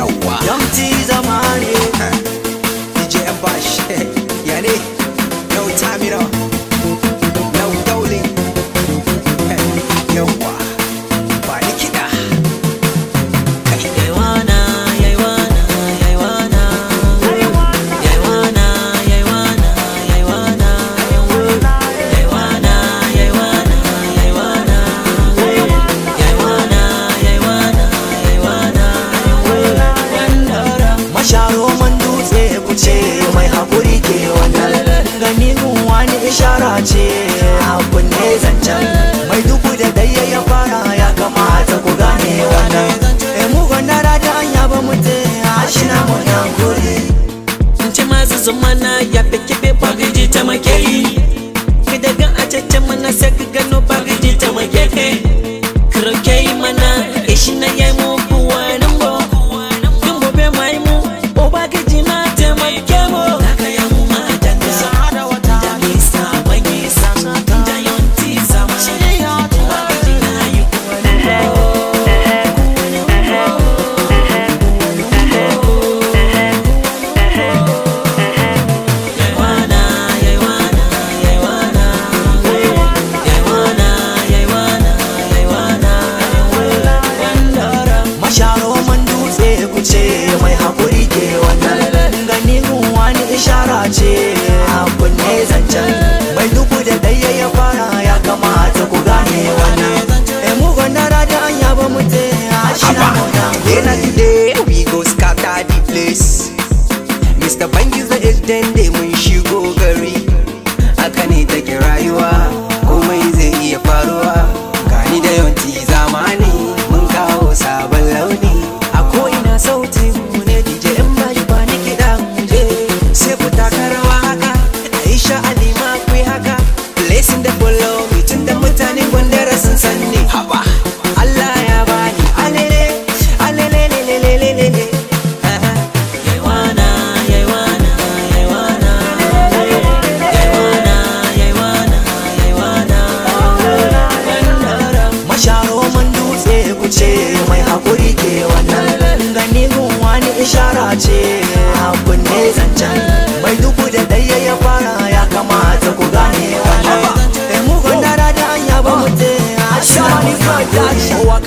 yawa yamti a ne DJ Bash. bashi No time, yau tamira No dauli yawa ce abu ne zancen mai dubu da daya ya fara ya kamata ku gane wannan e mu gwanara ta anya ba mu te ashina mu nan guri ce zaman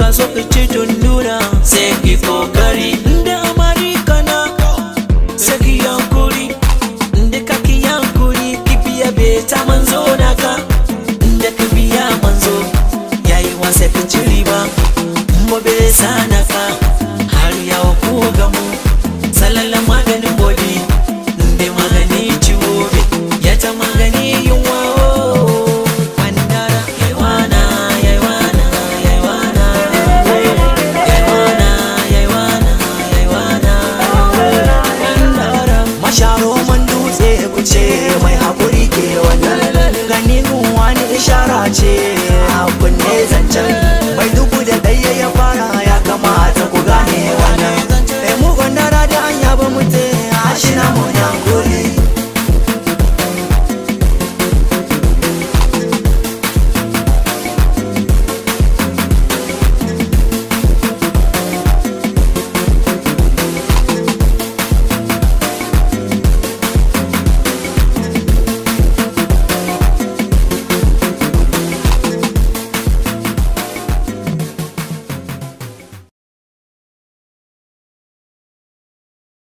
ka so ka ce tunduna sai ki kokari inda amari kana sai ki yankuri inda ka ki yankuri ki biya beta manzo naka inda ka biya manzo yayi wasa ka ci riba mu bai 记。